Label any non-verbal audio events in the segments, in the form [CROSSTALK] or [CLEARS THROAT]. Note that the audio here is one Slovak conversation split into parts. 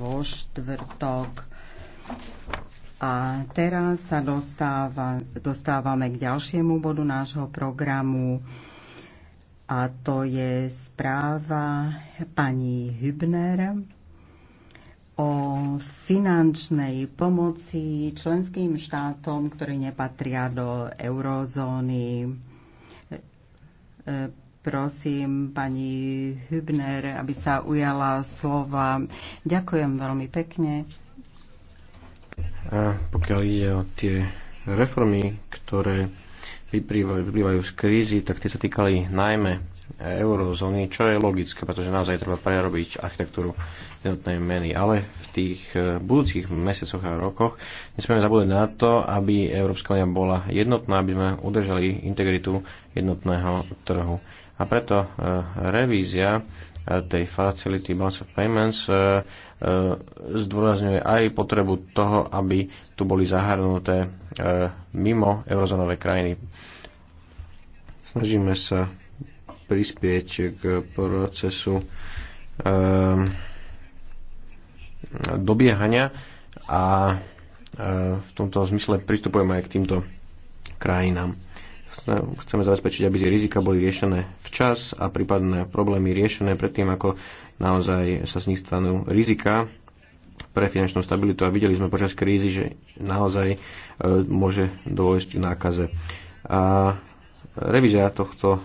vo štvrtok. A teraz sa dostáva, dostávame k ďalšiemu bodu nášho programu a to je správa pani Hübner o finančnej pomoci členským štátom, ktorí nepatria do eurozóny prosím pani Hübner, aby sa ujala slova. Ďakujem veľmi pekne. A pokiaľ ide o tie reformy, ktoré vyplývajú z krízy, tak tie sa týkali najmä eurozóny, čo je logické, pretože naozaj treba prerobiť architektúru jednotnej meny. Ale v tých e, budúcich mesiacoch a rokoch nesmieme zabúdať na to, aby Európska únia bola jednotná, aby sme udržali integritu jednotného trhu a preto e, revízia e, tej Facility Balance of Payments e, zdôrazňuje aj potrebu toho, aby tu boli zahrnuté mimo eurozónové krajiny. Snažíme sa prispieť k procesu dobiehania a v tomto zmysle pristupujeme aj k týmto krajinám chceme zabezpečiť, aby tie rizika boli riešené včas a prípadné problémy riešené predtým, ako naozaj sa z nich stanú rizika pre finančnú stabilitu a videli sme počas krízy, že naozaj e, môže dôjsť k nákaze. A revízia tohto e,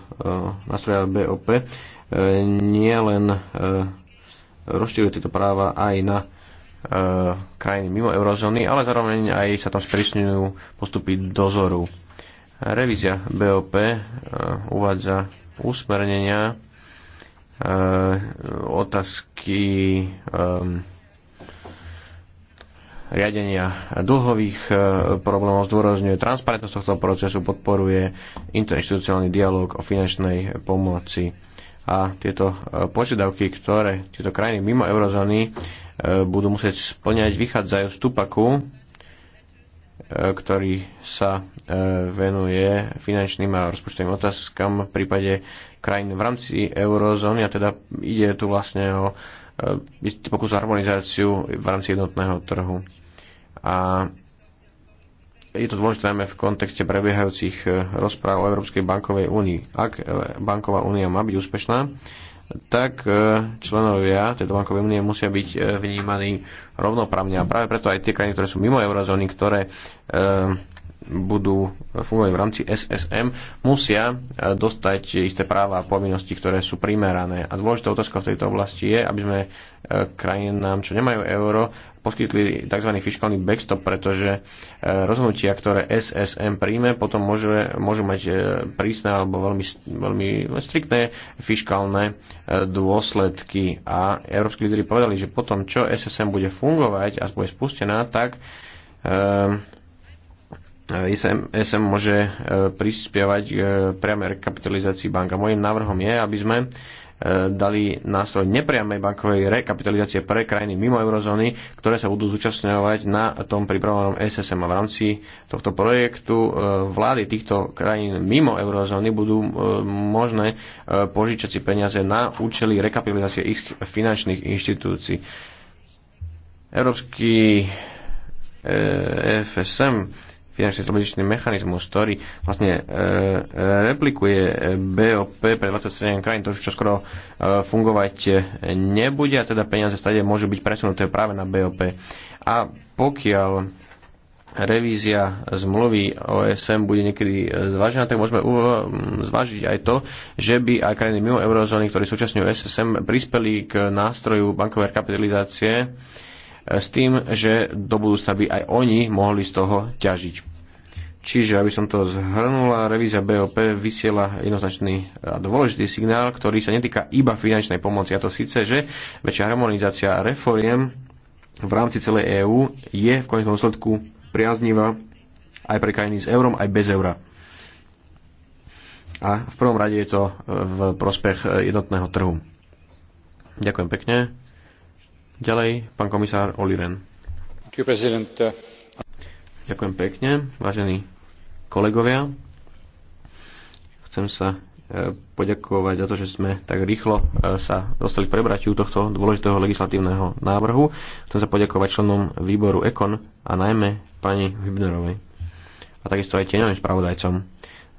nástroja BOP e, nie len rozšíruje tieto práva aj na krajiny mimo eurozóny, ale zároveň aj sa tam sprísňujú postupy dozoru Revízia BOP e, uvádza usmernenia e, otázky e, riadenia dlhových problémov, zdôrazňuje transparentnosť tohto procesu, podporuje interinstitucionálny dialog o finančnej pomoci. A tieto požiadavky, ktoré tieto krajiny mimo eurozóny budú musieť splňať, vychádzajú z Tupaku, E, ktorý sa e, venuje finančným a rozpočtovým otázkam v prípade krajín v rámci eurozóny a teda ide tu vlastne o e, pokus o harmonizáciu v rámci jednotného trhu. A je to dôležité najmä v kontexte prebiehajúcich rozpráv o Európskej bankovej únii. Ak banková únia má byť úspešná, tak e, členovia tejto bankovej únie musia byť e, vnímaní rovnoprávne. A práve preto aj tie krajiny, ktoré sú mimo eurozóny, ktoré e, budú fungovať v rámci SSM, musia dostať isté práva a povinnosti, ktoré sú primerané. A dôležitá otázka v tejto oblasti je, aby sme krajinám, čo nemajú euro, poskytli tzv. fiskálny backstop, pretože e, rozhodnutia, ktoré SSM príjme, potom môže, môžu mať e, prísne alebo veľmi, veľmi striktné fiskálne e, dôsledky. A európsky lídry povedali, že potom, čo SSM bude fungovať a bude spustená, tak SM, SM môže prispievať k priamej rekapitalizácii banka. Mojím návrhom je, aby sme dali nástroj nepriamej bankovej rekapitalizácie pre krajiny mimo eurozóny, ktoré sa budú zúčastňovať na tom pripravovanom SSM. A v rámci tohto projektu e, vlády týchto krajín mimo eurozóny budú e, možné e, požičať si peniaze na účely rekapitalizácie ich finančných inštitúcií. Európsky FSM finančný stabilizačný mechanizmus, ktorý vlastne e, e replikuje e, BOP pre 27 krajín, to už čo skoro e, fungovať e, nebude a teda peniaze stade môžu byť presunuté práve na BOP. A pokiaľ revízia zmluvy OSM bude niekedy zvážená, tak môžeme zvážiť aj to, že by aj krajiny mimo eurozóny, ktorí súčasňujú SSM, prispeli k nástroju bankovej kapitalizácie s tým, že do budúcna by aj oni mohli z toho ťažiť. Čiže, aby som to zhrnula, revízia BOP vysiela jednoznačný a dôležitý signál, ktorý sa netýka iba finančnej pomoci. A to síce, že väčšia harmonizácia reforiem v rámci celej EÚ je v konečnom dôsledku priaznivá aj pre krajiny s eurom, aj bez eura. A v prvom rade je to v prospech jednotného trhu. Ďakujem pekne. Ďalej, pán komisár Oliren. Ďakujem, prezident. Ďakujem pekne, vážení kolegovia. Chcem sa e, poďakovať za to, že sme tak rýchlo e, sa dostali k prebratiu tohto dôležitého legislatívneho návrhu. Chcem sa poďakovať členom výboru EKON a najmä pani Hübnerovej a takisto aj tieňovým spravodajcom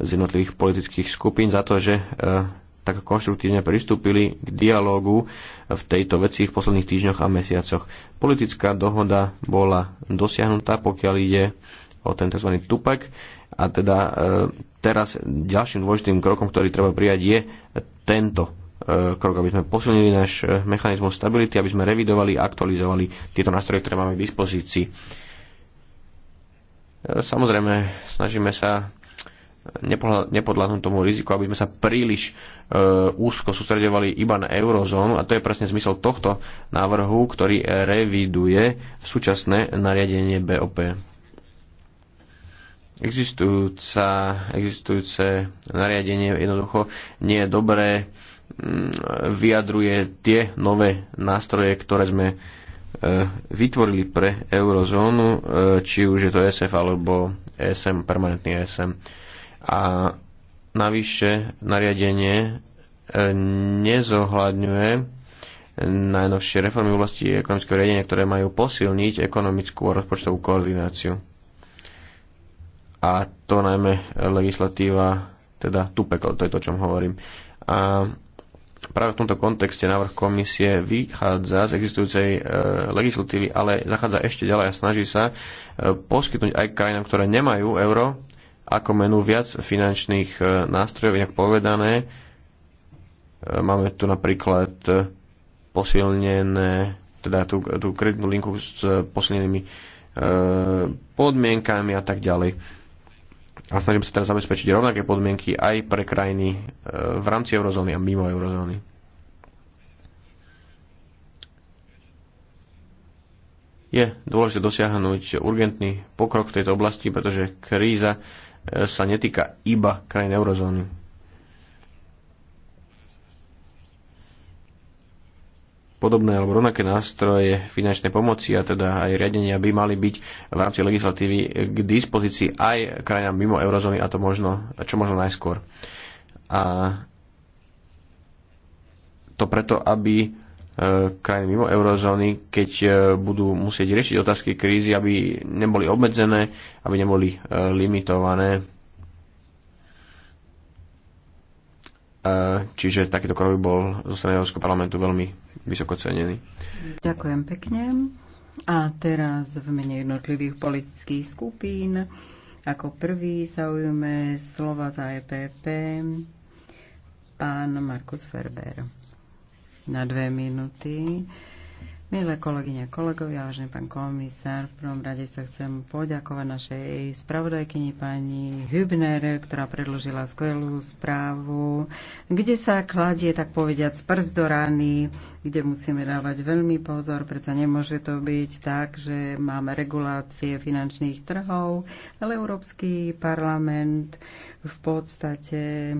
z jednotlivých politických skupín za to, že e, tak konštruktívne pristúpili k dialógu v tejto veci v posledných týždňoch a mesiacoch. Politická dohoda bola dosiahnutá, pokiaľ ide o ten tzv. tupek. A teda e, teraz ďalším dôležitým krokom, ktorý treba prijať, je tento e, krok, aby sme posilnili náš e, mechanizmus stability, aby sme revidovali a aktualizovali tieto nástroje, ktoré máme k dispozícii. E, samozrejme, snažíme sa nepodľahnúť tomu riziku, aby sme sa príliš e, úzko sústredovali iba na eurozónu a to je presne zmysel tohto návrhu, ktorý reviduje súčasné nariadenie BOP. Existujúca, existujúce nariadenie jednoducho nie je dobré, mm, vyjadruje tie nové nástroje, ktoré sme e, vytvorili pre eurozónu, e, či už je to e SF alebo e SM, permanentný e SM. A navyše nariadenie e, nezohľadňuje najnovšie reformy v oblasti ekonomického riadenia, ktoré majú posilniť ekonomickú a rozpočtovú koordináciu. A to najmä legislatíva, teda TUPEK, to je to, o čom hovorím. A práve v tomto kontexte návrh komisie vychádza z existujúcej e, legislatívy, ale zachádza ešte ďalej a snaží sa e, poskytnúť aj krajinám, ktoré nemajú euro, ako menu viac finančných e, nástrojov, inak povedané. E, máme tu napríklad e, posilnené, teda tú, tú kreditnú linku s posilnenými podmienkami a tak ďalej. A snažím sa teraz zabezpečiť rovnaké podmienky aj pre krajiny v rámci eurozóny a mimo eurozóny. Je dôležité dosiahnuť urgentný pokrok v tejto oblasti, pretože kríza sa netýka iba krajín eurozóny. Podobné alebo rovnaké nástroje finančnej pomoci a teda aj riadenia by mali byť v rámci legislatívy k dispozícii aj krajinám mimo eurozóny a to možno, čo možno najskôr. A to preto, aby E, krajiny mimo eurozóny, keď e, budú musieť riešiť otázky krízy, aby neboli obmedzené, aby neboli e, limitované. Čiže takýto krok bol zo strany Európskeho parlamentu veľmi vysoko cenený. Ďakujem pekne. A teraz v mene jednotlivých politických skupín ako prvý zaujme slova za EPP pán Markus Ferber na dve minúty. Milé kolegyne, kolegovia, vážený pán komisár, v prvom rade sa chcem poďakovať našej spravodajkyni pani Hübner, ktorá predložila skvelú správu, kde sa kladie, tak povediať, prst do rany, kde musíme dávať veľmi pozor, preto nemôže to byť tak, že máme regulácie finančných trhov, ale Európsky parlament v podstate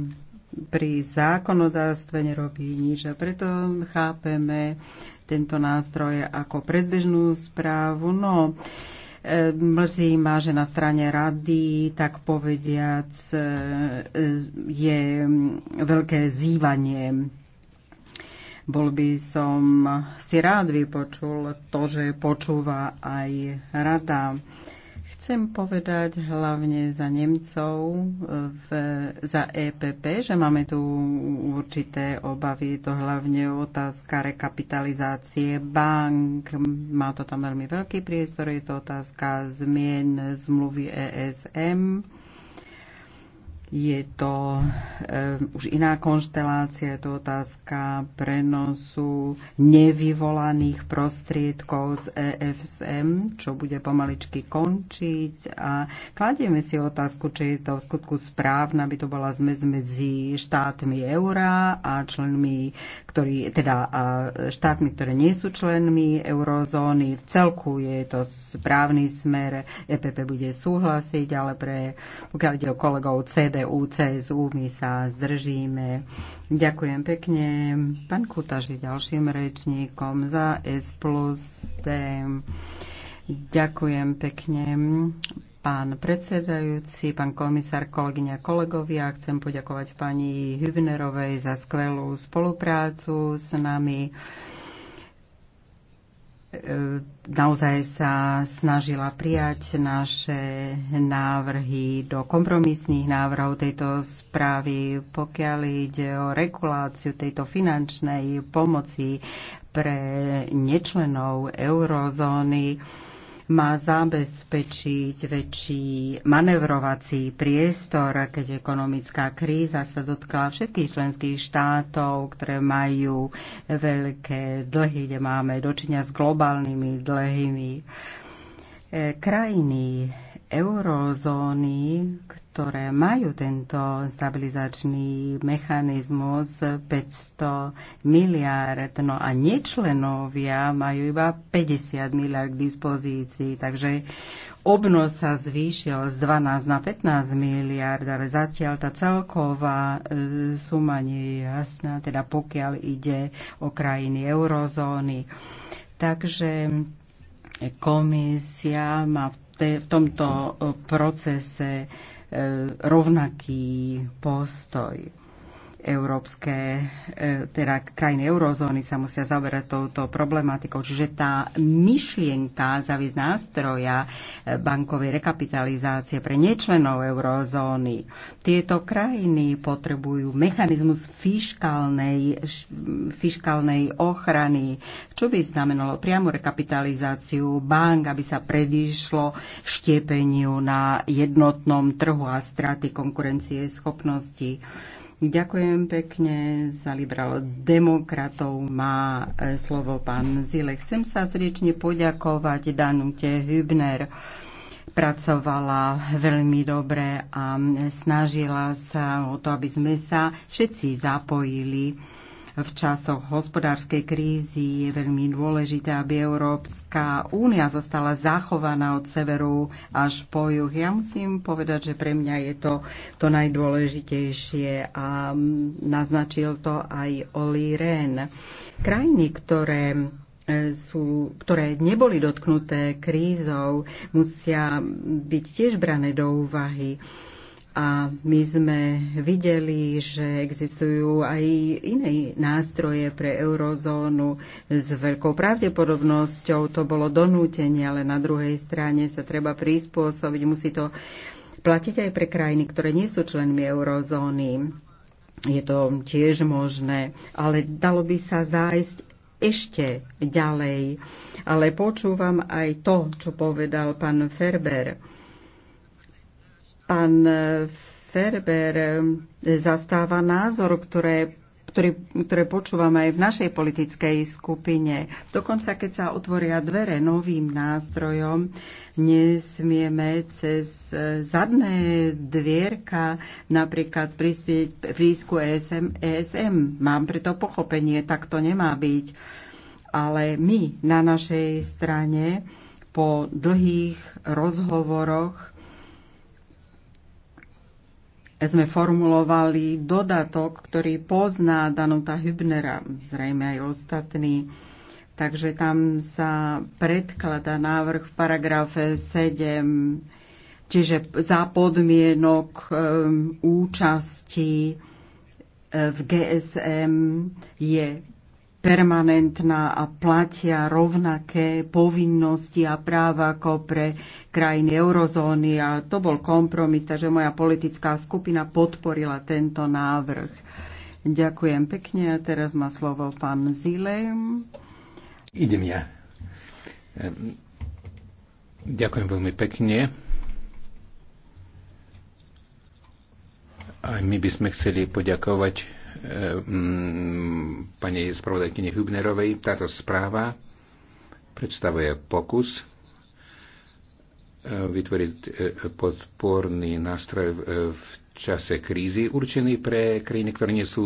pri zákonodárstve nerobí nič a preto chápeme tento nástroj ako predbežnú správu. No, e, mrzí ma, že na strane rady, tak povediac, e, je veľké zývanie bol by som si rád vypočul to, že počúva aj rada. Chcem povedať hlavne za Nemcov, v, za EPP, že máme tu určité obavy. Je to hlavne otázka rekapitalizácie bank. Má to tam veľmi veľký priestor. Je to otázka zmien zmluvy ESM je to e, už iná konštelácia, je to otázka prenosu nevyvolaných prostriedkov z EFSM, čo bude pomaličky končiť a kladieme si otázku, či je to v skutku správna, by to bola zmes medzi štátmi eura a členmi, ktorí, teda a štátmi, ktoré nie sú členmi eurozóny. V celku je to správny smer, EPP bude súhlasiť, ale pre, pokiaľ ide o kolegov CD, EU, CSU, my sa zdržíme. Ďakujem pekne. Pán Kutaž je ďalším rečníkom za S plus D. Ďakujem pekne. Pán predsedajúci, pán komisár, kolegyňa, kolegovia, chcem poďakovať pani Hübnerovej za skvelú spoluprácu s nami. E, naozaj sa snažila prijať naše návrhy do kompromisných návrhov tejto správy, pokiaľ ide o reguláciu tejto finančnej pomoci pre nečlenov eurozóny má zabezpečiť väčší manevrovací priestor, keď ekonomická kríza sa dotkla všetkých členských štátov, ktoré majú veľké dlhy, kde máme dočinia s globálnymi dlhými. E, krajiny eurozóny, ktoré majú tento stabilizačný mechanizmus 500 miliárd, no a nečlenovia majú iba 50 miliárd k dispozícii, takže obnos sa zvýšil z 12 na 15 miliárd, ale zatiaľ tá celková e, suma nie je jasná, teda pokiaľ ide o krajiny eurozóny. Takže komisia má v tomto e, procese rovnaký postoj európske, e, teda krajiny eurozóny sa musia zaoberať touto problematikou. Čiže tá myšlienka závisť nástroja e, bankovej rekapitalizácie pre nečlenov eurozóny. Tieto krajiny potrebujú mechanizmus fiskálnej, fiskálnej ochrany, čo by znamenalo priamu rekapitalizáciu bank, aby sa predišlo štiepeniu na jednotnom trhu a straty konkurencie schopnosti. Ďakujem pekne za liberálo demokratov. Má e, slovo pán Zile. Chcem sa zriečne poďakovať Danute Hübner. Pracovala veľmi dobre a snažila sa o to, aby sme sa všetci zapojili v časoch hospodárskej krízy je veľmi dôležité, aby Európska únia zostala zachovaná od severu až po juh. Ja musím povedať, že pre mňa je to to najdôležitejšie a naznačil to aj Oli Ren. Krajiny, ktoré e, sú, ktoré neboli dotknuté krízou, musia byť tiež brané do úvahy. A my sme videli, že existujú aj iné nástroje pre eurozónu. S veľkou pravdepodobnosťou to bolo donútenie, ale na druhej strane sa treba prispôsobiť. Musí to platiť aj pre krajiny, ktoré nie sú členmi eurozóny. Je to tiež možné, ale dalo by sa zájsť ešte ďalej. Ale počúvam aj to, čo povedal pán Ferber Pán Ferber e, zastáva názor, ktoré ktoré, ktoré počúvame aj v našej politickej skupine. Dokonca, keď sa otvoria dvere novým nástrojom, nesmieme cez zadné dvierka napríklad prispieť prísku ESM, ESM. Mám preto pochopenie, tak to nemá byť. Ale my na našej strane po dlhých rozhovoroch sme formulovali dodatok, ktorý pozná Danuta Hübnera, zrejme aj ostatní. Takže tam sa predklada návrh v paragrafe 7, čiže za podmienok um, účasti uh, v GSM je permanentná a platia rovnaké povinnosti a práva ako pre krajiny eurozóny a to bol kompromis, takže moja politická skupina podporila tento návrh. Ďakujem pekne a teraz má slovo pán Zile. Idem ja. Ďakujem veľmi pekne. Aj my by sme chceli poďakovať Ehm, pani spravodajkyne Hübnerovej. Táto správa predstavuje pokus eh, vytvoriť eh, podporný nástroj eh, v čase krízy určený pre krajiny, ktoré nie sú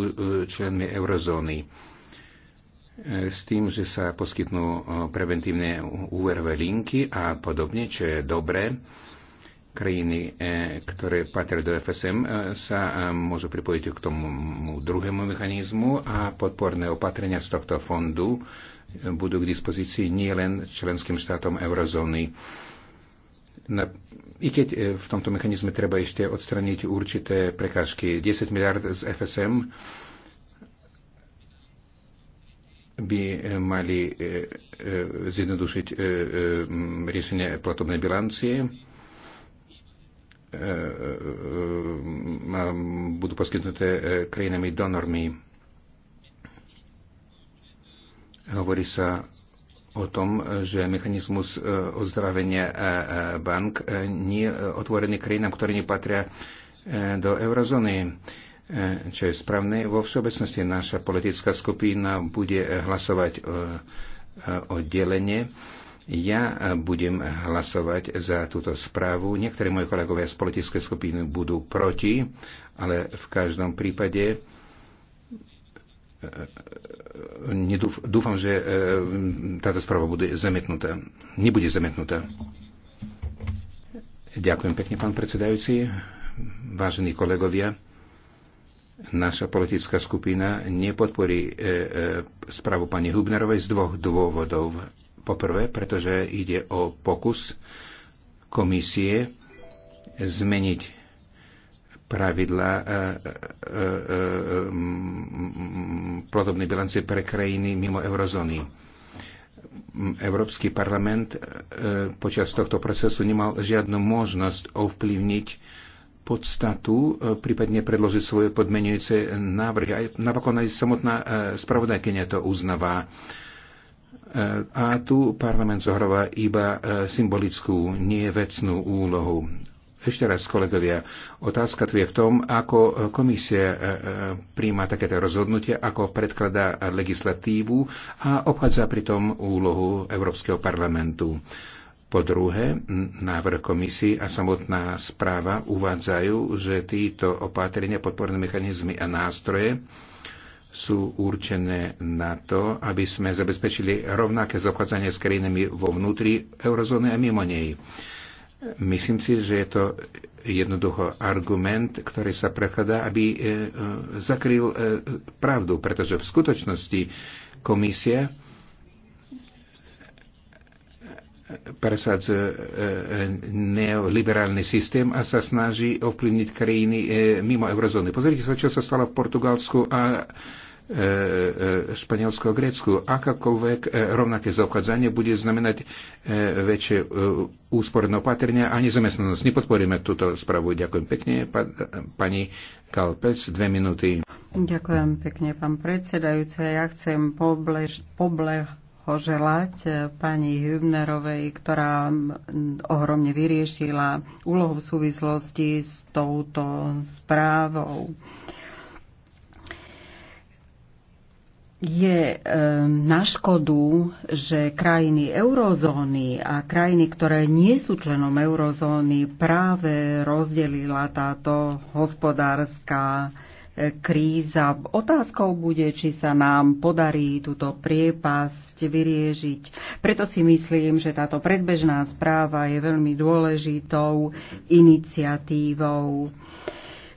členmi eurozóny s tým, že sa poskytnú preventívne úverové linky a podobne, čo je dobré. Krajiny, e, ktoré patria do FSM, e, sa e, môžu pripojiť k tomu druhému mechanizmu a podporné opatrenia z tohto fondu budú k dispozícii nielen členským štátom eurozóny. Na, I keď v tomto mechanizme treba ešte odstraniť určité prekážky, 10 miliard z FSM by mali zjednodušiť riešenie platobnej bilancie E, e, e, budú poskytnuté krajinami donormi. Hovorí sa o tom, že mechanizmus ozdravenia bank nie je otvorený krajinám, ktoré nepatria do eurozóny. Čo je správne, vo všeobecnosti naša politická skupina bude hlasovať o delenie ja e, budem hlasovať za túto správu. Niektorí moji kolegovia z politické skupiny budú proti, ale v každom prípade e, e, dúfam, že táto správa bude zametnutá. Nebude zametnutá. Ďakujem pekne, pán predsedajúci. Vážení kolegovia, naša politická skupina nepodporí správu pani Hubnerovej z dvoch dôvodov. Poprvé, pretože ide o pokus komisie zmeniť pravidla e, e, e, plodobnej bilancie pre krajiny mimo eurozóny. Európsky parlament počas tohto procesu nemal žiadnu možnosť ovplyvniť podstatu, prípadne predložiť svoje podmenujúce návrhy. Aj, napokon aj samotná spravodajkynia to uznáva. A tu parlament zohráva iba e, symbolickú, nie vecnú úlohu. Ešte raz, kolegovia, otázka tu je v tom, ako komisia e, e, príjma takéto rozhodnutie, ako predkladá legislatívu a obchádza pritom úlohu Európskeho parlamentu. Po druhé, návrh komisie a samotná správa uvádzajú, že títo opatrenia, podporné mechanizmy a nástroje sú určené na to, aby sme zabezpečili rovnaké zobchádzanie s krajinami vo vnútri eurozóny a mimo nej. Myslím si, že je to jednoducho argument, ktorý sa prechádza, aby e, e, zakryl e, pravdu, pretože v skutočnosti komisia presadzuje neoliberálny systém a sa snaží ovplyvniť krajiny mimo eurozóny. Pozrite sa, čo sa stalo v Portugalsku a E, e, Španielsko a Grécku. Akákoľvek e, rovnaké zaobchádzanie bude znamenať väčšie úsporné opatrenia a nezamestnanosť. Nepodporíme túto spravu. Ďakujem pekne, pani Kalpec, dve minúty. Ďakujem pekne, pán predsedajúce. Ja chcem poblež, poble, poželať pani Hübnerovej, ktorá ohromne vyriešila úlohu v súvislosti s touto správou. je ehm, na škodu, že krajiny eurozóny a krajiny, ktoré nie sú členom eurozóny, práve rozdelila táto hospodárska e, kríza. Otázkou bude, či sa nám podarí túto priepasť vyriešiť. Preto si myslím, že táto predbežná správa je veľmi dôležitou iniciatívou.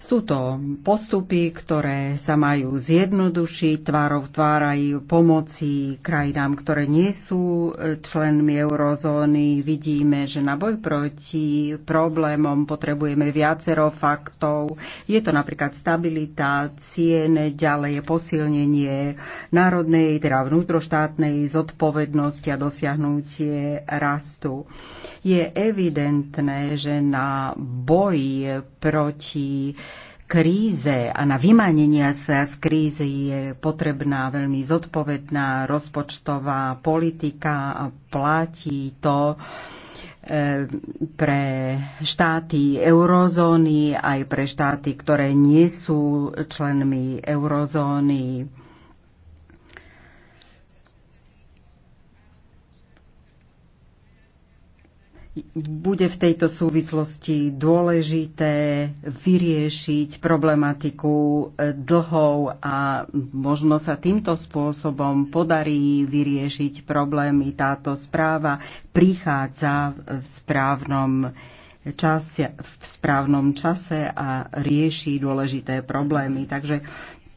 Sú to postupy, ktoré sa majú zjednodušiť tvárov tvárajú pomoci krajinám, ktoré nie sú e, členmi eurozóny. Vidíme, že na boj proti problémom potrebujeme viacero faktov. Je to napríklad stabilita cien, ďalej posilnenie národnej, teda vnútroštátnej zodpovednosti a dosiahnutie rastu. Je evidentné, že na boji proti kríze a na vymanenia sa z krízy je potrebná veľmi zodpovedná rozpočtová politika a platí to e, pre štáty eurozóny aj pre štáty, ktoré nie sú členmi eurozóny. bude v tejto súvislosti dôležité vyriešiť problematiku e, dlhov a možno sa týmto spôsobom podarí vyriešiť problémy. Táto správa prichádza v správnom čase, v správnom čase a rieši dôležité problémy. Takže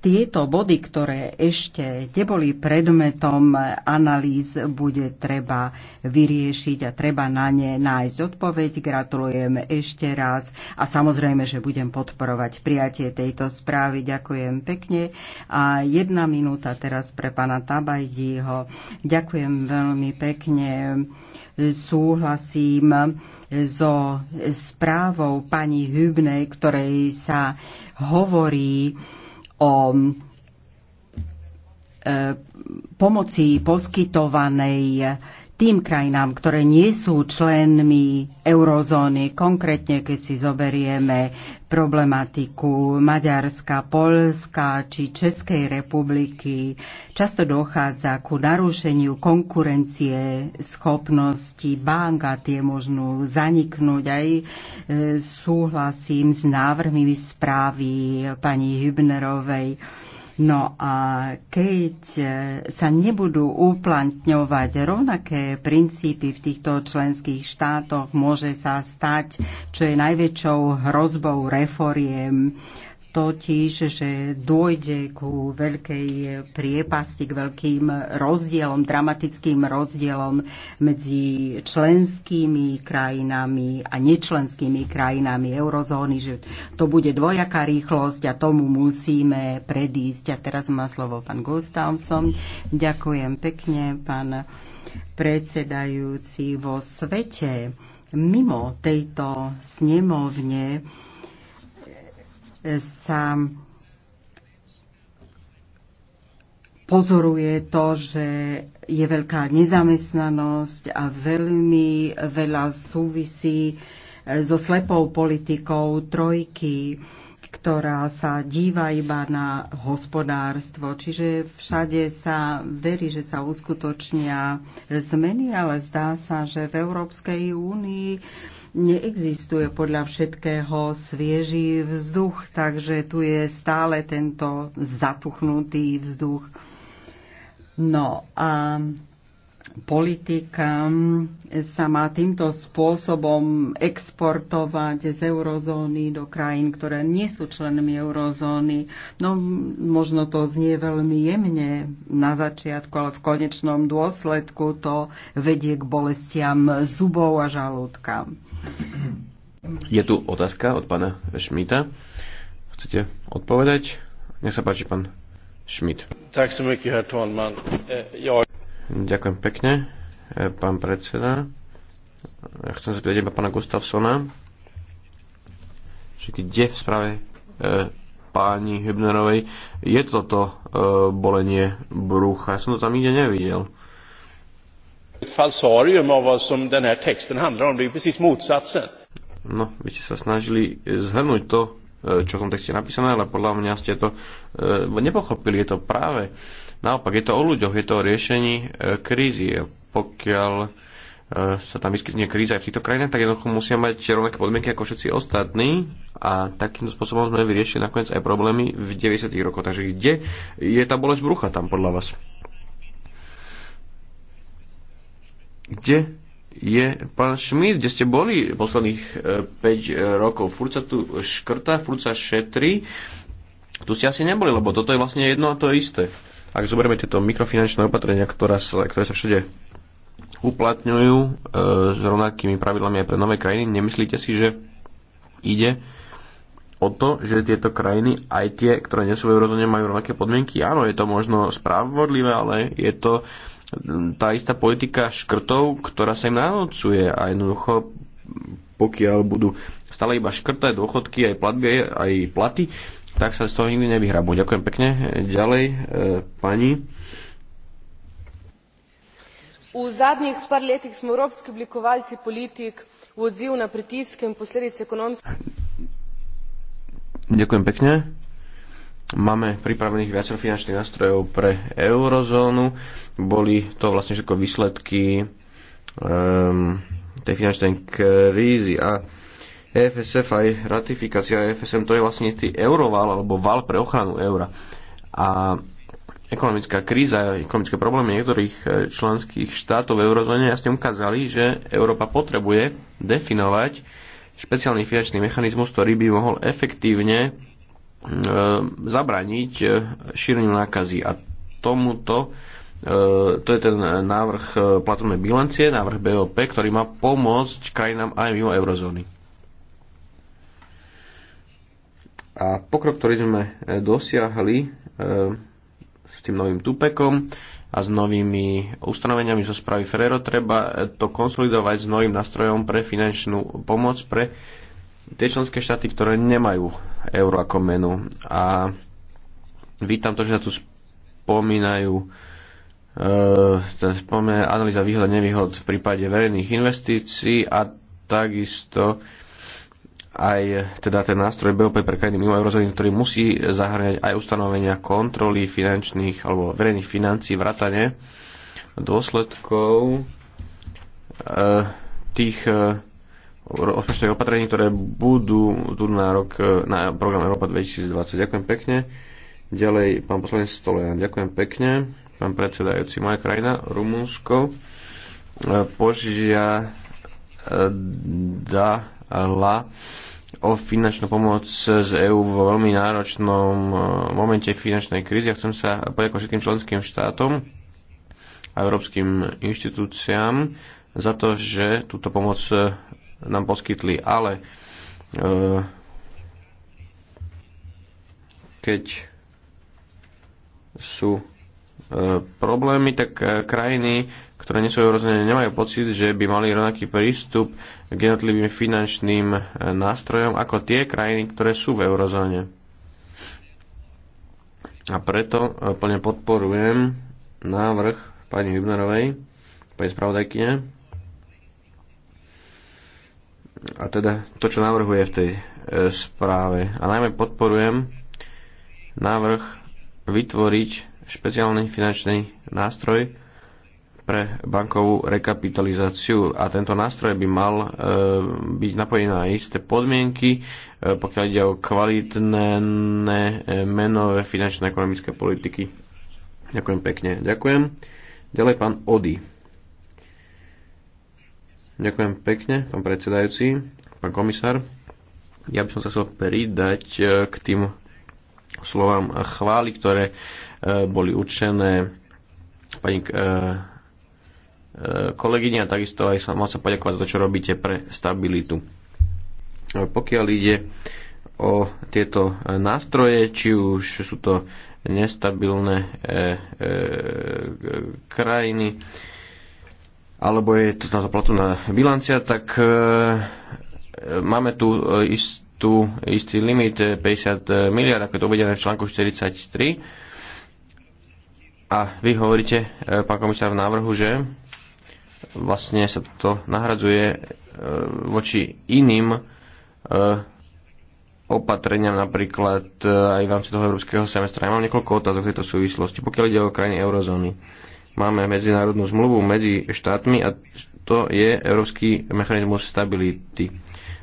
tieto body, ktoré ešte neboli predmetom analýz, bude treba vyriešiť a treba na ne nájsť odpoveď. Gratulujem ešte raz a samozrejme, že budem podporovať prijatie tejto správy. Ďakujem pekne. A jedna minúta teraz pre pána Tabajdího. Ďakujem veľmi pekne. Súhlasím so správou pani Hübnej, ktorej sa hovorí, o e, pomoci poskytovanej tým krajinám, ktoré nie sú členmi eurozóny, konkrétne keď si zoberieme problematiku Maďarska, Polska či Českej republiky, často dochádza ku narušeniu konkurencie schopnosti bank a tie možnú zaniknúť. Aj e, súhlasím s návrhmi správy pani Hübnerovej No a keď e, sa nebudú uplatňovať rovnaké princípy v týchto členských štátoch, môže sa stať, čo je najväčšou hrozbou reforiem totiž, že dôjde ku veľkej priepasti, k veľkým rozdielom, dramatickým rozdielom medzi členskými krajinami a nečlenskými krajinami eurozóny, že to bude dvojaká rýchlosť a tomu musíme predísť. A teraz má slovo pán Gustavson. Ďakujem pekne, pán predsedajúci vo svete mimo tejto snemovne sa pozoruje to, že je veľká nezamestnanosť a veľmi veľa súvisí e, so slepou politikou trojky, ktorá sa díva iba na hospodárstvo. Čiže všade sa verí, že sa uskutočnia zmeny, ale zdá sa, že v Európskej únii neexistuje podľa všetkého svieží vzduch, takže tu je stále tento zatuchnutý vzduch. No a politika sa má týmto spôsobom exportovať z eurozóny do krajín, ktoré nie sú členmi eurozóny. No, možno to znie veľmi jemne na začiatku, ale v konečnom dôsledku to vedie k bolestiam zubov a žalúdka. Je tu otázka od pána Šmita. Chcete odpovedať? Nech sa páči, pán Šmit. E, Ďakujem pekne, e, pán predseda. Ja e, chcem sa pýtať iba pána Gustafsona, že kde v správe páni Hübnerovej je toto bolenie brucha. Ja som to tam nikde nevidel falsarium av vad som den här texten handlar om, det är ju precis motsatsen. No, vy ste sa snažili eh, zhrnúť to, eh, čo som texte napísané, ale podľa mňa ste to eh, nepochopili. Je to práve naopak, je to o ľuďoch, je to o riešení krízy. Pokiaľ sa tam vyskytne kríza aj v týchto krajinách, tak jednoducho musia mať rovnaké podmienky ako všetci ostatní a takýmto spôsobom sme vyriešili nakoniec aj problémy v 90. rokoch. Takže kde je tá bolesť brucha tam podľa vás? Kde je pán Šmíd, kde ste boli posledných 5 e, e, rokov? Furt sa tu škrta, furt sa šetri. Tu ste asi neboli, lebo toto je vlastne jedno a to isté. Ak zoberieme tieto mikrofinančné opatrenia, ktoré sa, ktoré sa všade uplatňujú e, s rovnakými pravidlami aj pre nové krajiny, nemyslíte si, že ide o to, že tieto krajiny, aj tie, ktoré nie sú v eurozóne, majú rovnaké podmienky. Áno, je to možno spravodlivé, ale je to tá istá politika škrtov, ktorá sa im nanocuje a jednoducho pokiaľ budú stále iba škrtať dôchodky, aj platby, aj platy, tak sa z toho nikdy nevyhrabú. Ďakujem pekne. Ďalej, e, pani. V zadnjih par letih smo evropski oblikovalci politik v odziv na pritiske in posledice ekonomske. Ďakujem pekne. Máme pripravených viacero finančných nástrojov pre eurozónu. Boli to vlastne všetko výsledky um, tej finančnej krízy a EFSF aj ratifikácia EFSM to je vlastne istý euroval alebo val pre ochranu eura. A ekonomická kríza, ekonomické problémy niektorých e, členských štátov v eurozóne jasne ukázali, že Európa potrebuje definovať špeciálny finančný mechanizmus, ktorý by mohol efektívne E, zabraniť e, šíreniu nákazy. A tomuto e, to je ten návrh platobnej bilancie, návrh BOP, ktorý má pomôcť krajinám aj mimo eurozóny. A pokrok, ktorý sme dosiahli s tým novým tupekom a s novými ustanoveniami zo správy Ferrero, treba to konsolidovať s novým nástrojom pre finančnú pomoc pre tie členské štáty, ktoré nemajú euro ako menu. A vítam to, že sa tu spomínajú e, spomínajú analýza výhod a nevýhod v prípade verejných investícií a takisto aj teda ten nástroj BOP pre krajiny mimo eurozóny, ktorý musí zahrňať aj ustanovenia kontroly finančných alebo verejných financí vrátane dôsledkov e, tých e, rozpočtové opatrení, ktoré budú tu na, rok, e, na program Európa 2020. Ďakujem pekne. Ďalej, pán poslanec Stolian, ďakujem pekne. Pán predsedajúci, moja krajina, Rumunsko, e, požiadala e, o finančnú pomoc z EÚ v veľmi náročnom momente finančnej krízy. Ja chcem sa poďakovať všetkým členským štátom a európskym inštitúciám za to, že túto pomoc nám poskytli, ale e, keď sú e, problémy, tak e, krajiny, ktoré nie sú rozhodne, nemajú pocit, že by mali rovnaký prístup k jednotlivým finančným nástrojom ako tie krajiny, ktoré sú v eurozóne. A preto plne podporujem návrh pani Hübnerovej, pani spravodajkyne, a teda to, čo navrhuje v tej e, správe. A najmä podporujem návrh vytvoriť špeciálny finančný nástroj pre bankovú rekapitalizáciu a tento nástroj by mal e, byť napojený na isté podmienky, e, pokiaľ ide o kvalitné e, menové finančné ekonomické politiky. Ďakujem pekne. Ďakujem. Ďalej pán Ody. Ďakujem pekne, pán predsedajúci, pán komisár. Ja by som sa chcel pridať e, k tým slovám chvály, ktoré e, boli určené pani e, kolegyne a takisto aj som sa poďakovať za to, čo robíte pre stabilitu. Pokiaľ ide o tieto nástroje, či už sú to nestabilné krajiny, alebo je to táto platobná bilancia, tak e, máme tu e, istú, istý limit 50 e, e, miliard, ako je to uvedené v článku 43. A vy hovoríte, e, pán komisár, v návrhu, že vlastne sa to nahradzuje e, voči iným e, opatreniam napríklad aj v rámci toho európskeho semestra. Ja mám niekoľko otázok v tejto súvislosti, pokiaľ ide o krajiny eurozóny. E, Máme medzinárodnú zmluvu medzi štátmi a to je Európsky mechanizmus stability.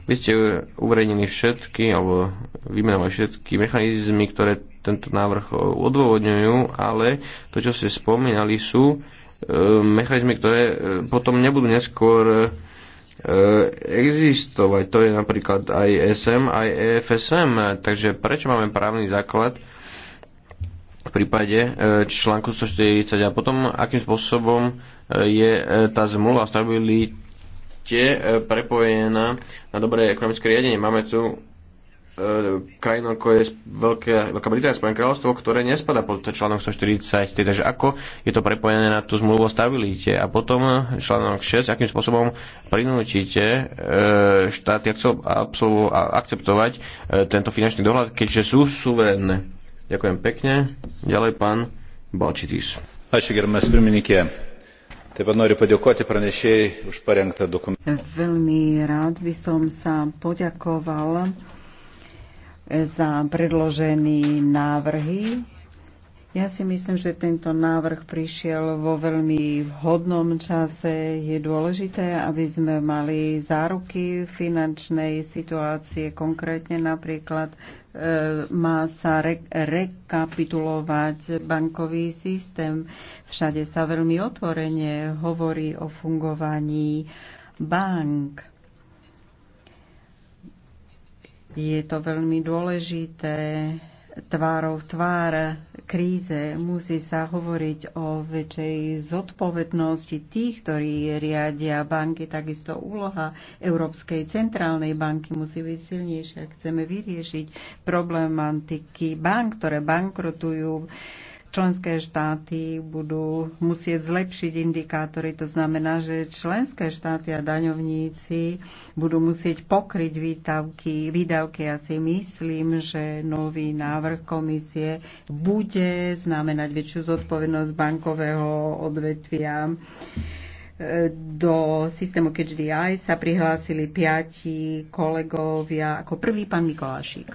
Vy ste eh, uverejnili všetky, alebo vymenovali všetky mechanizmy, ktoré tento návrh eh, odôvodňujú, ale to, čo ste spomínali, sú e, mechanizmy, ktoré e, potom nebudú neskôr e, existovať. To je napríklad aj SM, aj EFSM. Takže prečo máme právny základ, v prípade e, článku 140 a potom akým spôsobom e, je e, tá zmluva o stabilite prepojená na dobré ekonomické riadenie. Máme tu krajinu, ako je Veľká, Veľká Británia, Spojené kráľovstvo, ktoré nespada pod článok 140, takže ako je to prepojené na tú zmluvu o stabilite. A potom článok 6, akým spôsobom prinútite štáty akceptovať tento finančný dohľad, keďže sú suverénne. Ďakujem pekne. Ďalej pán Balčitis. Ačiū gerbiamas pirmininkė. Taip pat noriu padėkoti pranešėjai už parengtą dokumentą. Veľmi rád by som sa poďakoval za predložený návrhy ja si myslím, že tento návrh prišiel vo veľmi vhodnom čase. Je dôležité, aby sme mali záruky finančnej situácie. Konkrétne napríklad e, má sa re, rekapitulovať bankový systém. Všade sa veľmi otvorene hovorí o fungovaní bank. Je to veľmi dôležité tvárou v tvár kríze musí sa hovoriť o väčšej zodpovednosti tých, ktorí riadia banky. Takisto úloha Európskej centrálnej banky musí byť silnejšia. Chceme vyriešiť problematiky bank, ktoré bankrotujú Členské štáty budú musieť zlepšiť indikátory, to znamená, že členské štáty a daňovníci budú musieť pokryť výdavky. výdavky. Ja si myslím, že nový návrh komisie bude znamenať väčšiu zodpovednosť bankového odvetvia do systému KDI sa prihlásili piati kolegovia, ako prvý pán Mikolášik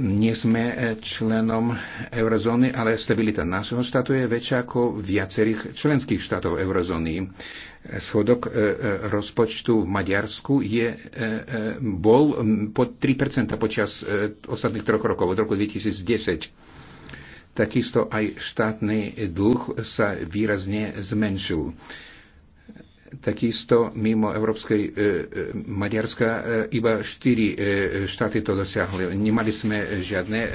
nie sme e, členom eurozóny, ale stabilita nášho štátu je väčšia ako viacerých členských štátov eurozóny. Schodok e, e, rozpočtu v Maďarsku je, bol pod 3% počas ostatných troch rokov, od roku 2010. Takisto aj štátny dlh sa výrazne zmenšil. Takisto mimo Európskej e, e, Maďarska e, iba štyri e, štáty to dosiahli. Nemali sme žiadne e,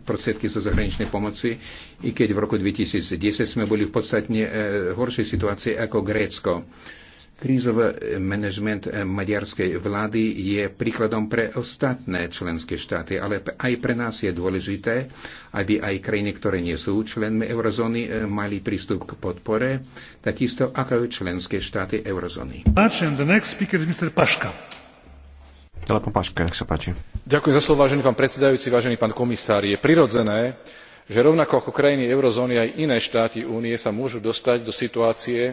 e prostriedky zo zahraničnej pomoci, i keď v roku 2010 sme boli v podstatne e, horšej situácii ako Grécko. E, Krízové manažment eh, maďarskej vlády je príkladom pre ostatné členské štáty, ale aj pre nás je dôležité, aby aj krajiny, ktoré nie sú členmi eurozóny, eh, mali prístup k podpore, takisto ako aj členské štáty eurozóny. Ďakujem za slovo, vážený pán predsedajúci, vážený pán komisár. Je prirodzené, že rovnako ako krajiny eurozóny aj iné štáty únie sa môžu dostať do situácie,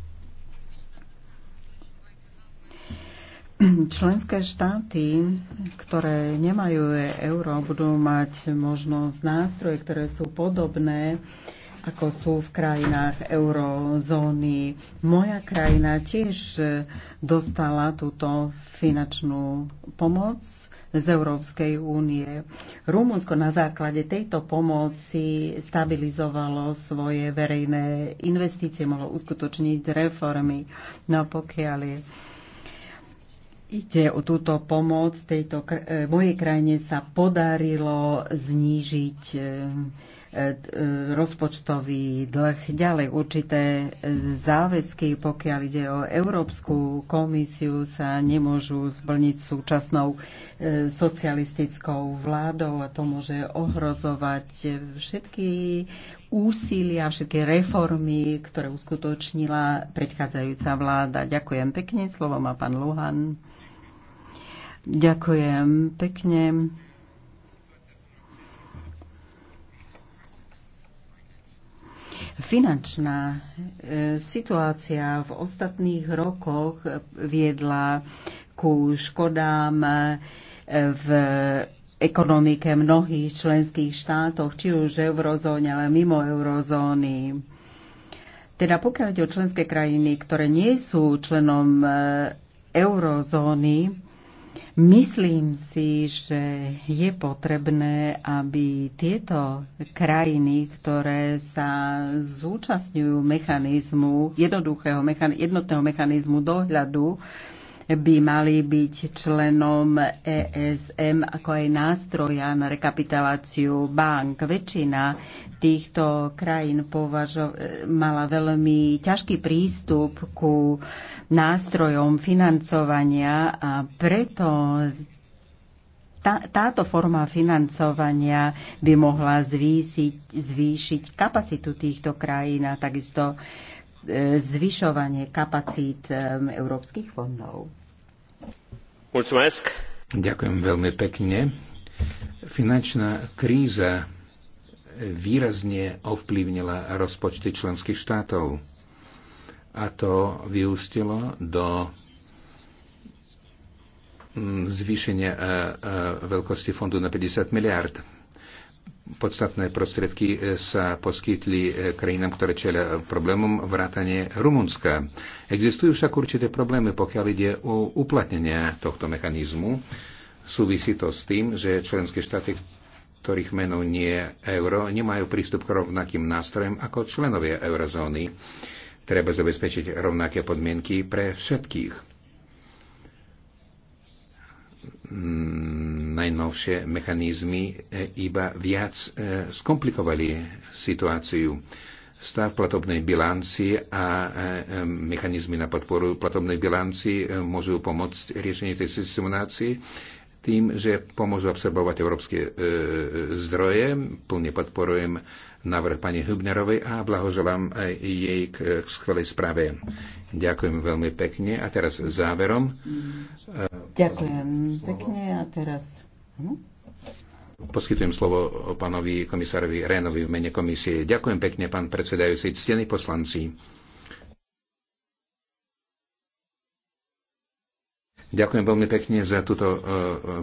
[CLEARS THROAT] Členské štáty, ktoré nemajú euro, budú mať možnosť nástroje, ktoré sú podobné ako sú v krajinách eurozóny. Moja krajina tiež dostala túto finančnú pomoc z Európskej únie. Rumunsko na základe tejto pomoci stabilizovalo svoje verejné investície, mohlo uskutočniť reformy. No pokiaľ je ide o túto pomoc. Tejto, e, mojej krajine sa podarilo znížiť e, e, rozpočtový dlh. Ďalej určité záväzky, pokiaľ ide o Európsku komisiu, sa nemôžu splniť súčasnou socialistickou vládou a to môže ohrozovať všetky úsilia, všetky reformy, ktoré uskutočnila predchádzajúca vláda. Ďakujem pekne. Slovo má pán Luhan. Ďakujem pekne. Finančná e, situácia v ostatných rokoch viedla ku škodám e, v ekonomike mnohých členských štátoch, či už v eurozóne, ale mimo eurozóny. Teda pokiaľ ide o členské krajiny, ktoré nie sú členom e, eurozóny, Myslím si, že je potrebné, aby tieto krajiny, ktoré sa zúčastňujú mechanizmu, jednoduchého mechan- jednotného mechanizmu dohľadu, by mali byť členom ESM ako aj nástroja na rekapitaláciu bank. Väčšina týchto krajín považo- mala veľmi ťažký prístup ku nástrojom financovania a preto tá, táto forma financovania by mohla zvýsiť, zvýšiť kapacitu týchto krajín a takisto e, zvyšovanie kapacít e, európskych fondov. Ďakujem veľmi pekne. Finančná kríza výrazne ovplyvnila rozpočty členských štátov a to vyústilo do mm, zvýšenia e, e, veľkosti fondu na 50 miliard podstatné prostriedky e, sa poskytli e, krajinám, ktoré čelia problémom vrátane Rumunska. Existujú však určité problémy, pokiaľ ide o uplatnenie tohto mechanizmu. Súvisí to s tým, že členské štáty, ktorých meno nie je euro, nemajú prístup k rovnakým nástrojom ako členovia eurozóny. Treba zabezpečiť rovnaké podmienky pre všetkých. Mm, najnovšie mechanizmy e, iba viac e, skomplikovali situáciu. Stav platobnej bilanci a e, mechanizmy na podporu platobnej bilanci môžu pomôcť riešeniu tej situácie tým, že pomôžu absorbovať európske e, e, zdroje. Plne podporujem návrh pani Hübnerovej a blahoželám aj jej k, k skvelej správe. Ďakujem veľmi pekne. A teraz záverom. E, Ďakujem pekne a teraz... Hm? Poskytujem slovo pánovi komisárovi Rénovi v mene komisie. Ďakujem pekne, pán predsedajúci, ctení poslanci. Ďakujem veľmi pekne za túto e,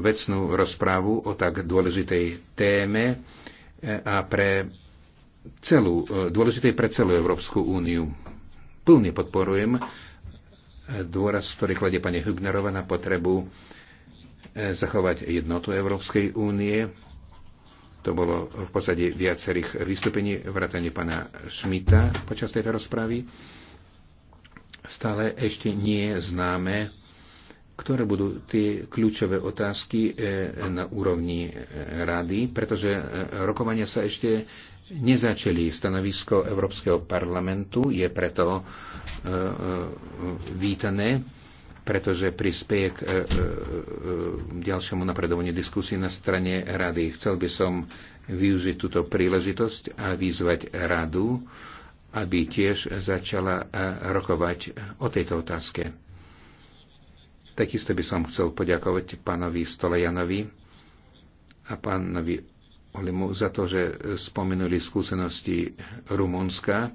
vecnú rozprávu o tak dôležitej téme e, a pre celú, e, dôležitej pre celú Európsku úniu. Plne podporujem dôraz, ktorý kladie pani Hübnerova na potrebu zachovať jednotu Európskej únie. To bolo v podstate viacerých vystúpení vrátane pana Šmita počas tejto rozpravy. Stále ešte nie známe, ktoré budú tie kľúčové otázky e, e, na úrovni e, rady, pretože rokovania sa ešte nezačali. Stanovisko Európskeho parlamentu je preto vítané, pretože prispieje k ďalšiemu napredovaniu diskusí na strane rady. Chcel by som využiť túto príležitosť a vyzvať radu, aby tiež začala rokovať o tejto otázke. Takisto by som chcel poďakovať pánovi Stolejanovi a pánovi Olimu za to, že spomenuli skúsenosti Rumunska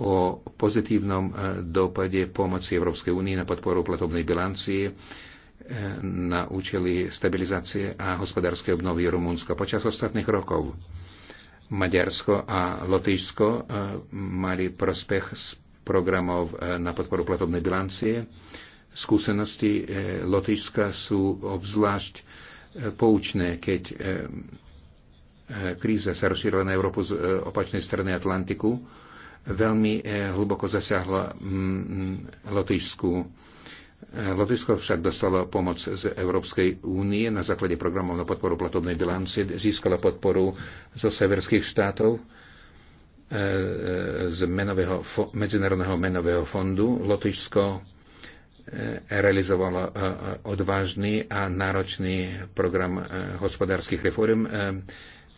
o pozitívnom e, dopade pomoci Európskej únie na podporu platobnej bilancie e, na účely stabilizácie a hospodárskej obnovy Rumunska. Počas ostatných rokov Maďarsko a Lotyšsko e, mali prospech z programov na podporu platobnej bilancie skúsenosti eh, Lotyšska sú obzvlášť eh, poučné, keď eh, kríza sa rozšírila na Európu z opačnej strany Atlantiku, veľmi hlboko zasiahla mm, Lotyšsku. Lotyšsko však dostalo pomoc z Európskej únie na základe programov na podporu platobnej bilancie, získalo podporu zo severských štátov, z menového, Medzinárodného menového fondu. Lotyšsko E, realizovala e, e, odvážny a náročný program hospodárskych reform,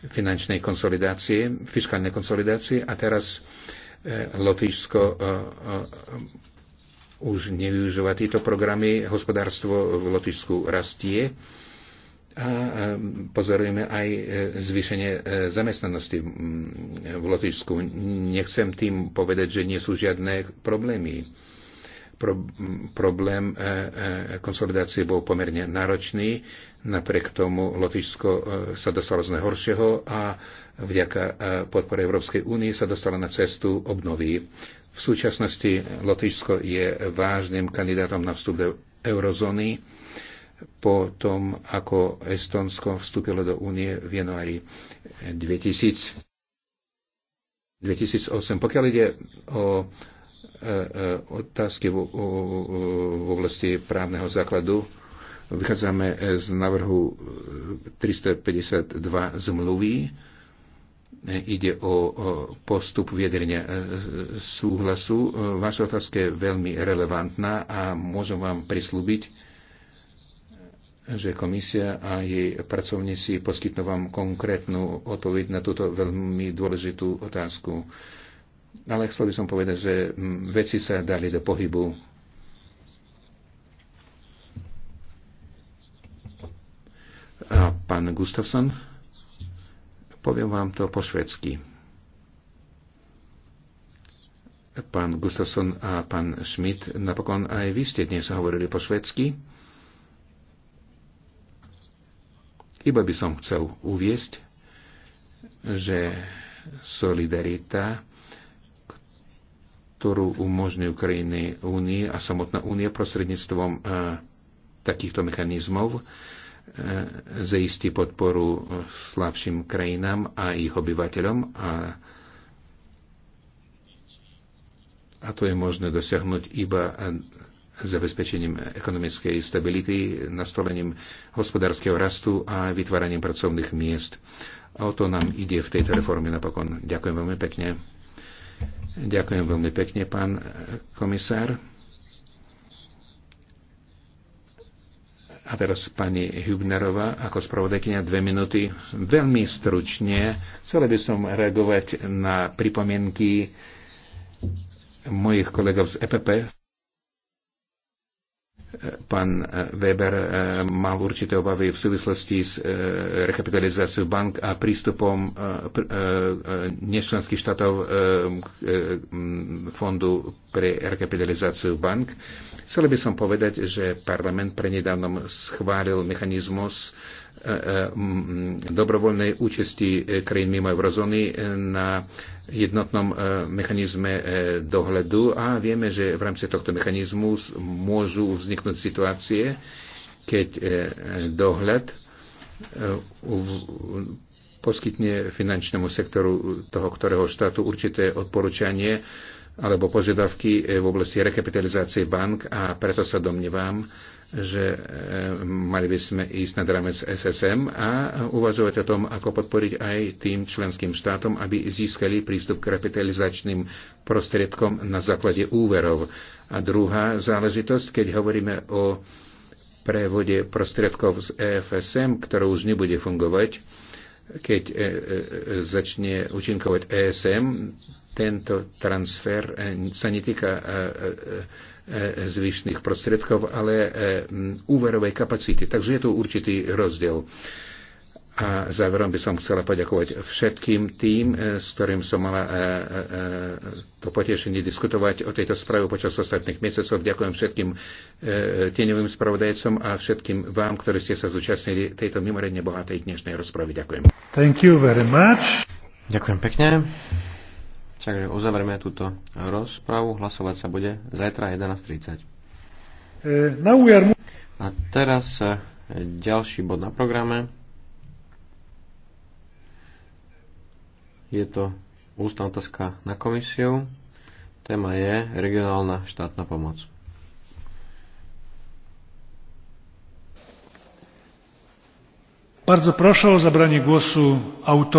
finančnej konsolidácie, fiskálnej konsolidácie a teraz Lotyšsko už nevyužíva tieto programy. Hospodárstvo v Lotyšsku rastie a pozorujeme aj zvýšenie zamestnanosti v Lotyšsku. Nechcem tým povedať, že nie sú žiadne problémy pro, problém e, e, konsolidácie bol pomerne náročný. Napriek tomu Lotyšsko e, sa dostalo z nehoršieho a vďaka podpore Európskej únie sa dostalo na cestu obnovy. V súčasnosti Lotyšsko je vážnym kandidátom na vstup do eurozóny po tom, ako Estonsko vstúpilo do únie v januári 2000, 2008. Pokiaľ ide o E, e, otázky v oblasti právneho základu. Vychádzame e, z návrhu 352 zmluvy. Ide o postup vyjadrenia súhlasu. Vaša otázka je veľmi relevantná a môžem vám prislúbiť, že komisia a jej pracovníci poskytnú vám konkrétnu odpoveď na túto veľmi dôležitú otázku ale chcel by som povedať, že mm, veci sa dali do pohybu. A pán Gustafsson, poviem vám to po švedsky. Pán Gustafsson a pán Schmidt, napokon aj vy ste dnes hovorili po švedsky. Iba by som chcel uviesť, že solidarita ktorú umožňujú krajiny únie a samotná únia prostredníctvom e, takýchto mechanizmov e, zaistí podporu slabším krajinám a ich obyvateľom a, a to je možné dosiahnuť iba zabezpečením ekonomickej stability, nastolením hospodárskeho rastu a vytváraním pracovných miest. A o to nám ide v tejto reforme napokon. Ďakujem veľmi pekne. Ďakujem veľmi pekne, pán komisár. A teraz pani Hübnerová ako spravodajkynia dve minúty. Veľmi stručne chcela by som reagovať na pripomienky mojich kolegov z EPP. Pán e, Weber e, mal určité obavy v súvislosti s e, rekapitalizáciou bank a prístupom nečlenských štátov k fondu pre rekapitalizáciu bank. Chcel by som povedať, že parlament prenedávnom schválil mechanizmus dobrovoľnej účasti krajín mimo eurozóny na jednotnom e, mechanizme e, dohľadu a vieme, že v rámci tohto mechanizmu môžu vzniknúť situácie, keď e, dohľad poskytne finančnému sektoru toho ktorého štátu určité odporúčanie, alebo požiadavky e, v oblasti rekapitalizácie bank a preto sa domnívam, že e, mali by sme ísť nad rámec SSM a uvažovať o tom, ako podporiť aj tým členským štátom, aby získali prístup k kapitalizačným prostriedkom na základe úverov. A druhá záležitosť, keď hovoríme o prevode prostriedkov z EFSM, ktoré už nebude fungovať, keď e, e, začne účinkovať ESM, tento transfer e, sa netýka e, e, e, zvyšných prostriedkov, ale e, m, úverovej kapacity. Takže je tu určitý rozdiel. E, a záverom by som chcela poďakovať všetkým tým, e, s ktorým som mala e, e, to potešenie diskutovať o tejto správe počas ostatných mesiacov. Ďakujem všetkým tieňovým spravodajcom a všetkým vám, ktorí ste sa zúčastnili tejto mimoriadne bohatej dnešnej rozpravy. Ďakujem. Thank you very much. Ďakujem pekne. Takže uzavrieme túto rozpravu. Hlasovať sa bude zajtra 11.30. A teraz ďalší bod na programe. Je to ústna otázka na komisiu. Téma je regionálna štátna pomoc. Bardzo proszę o zabranie głosu autora.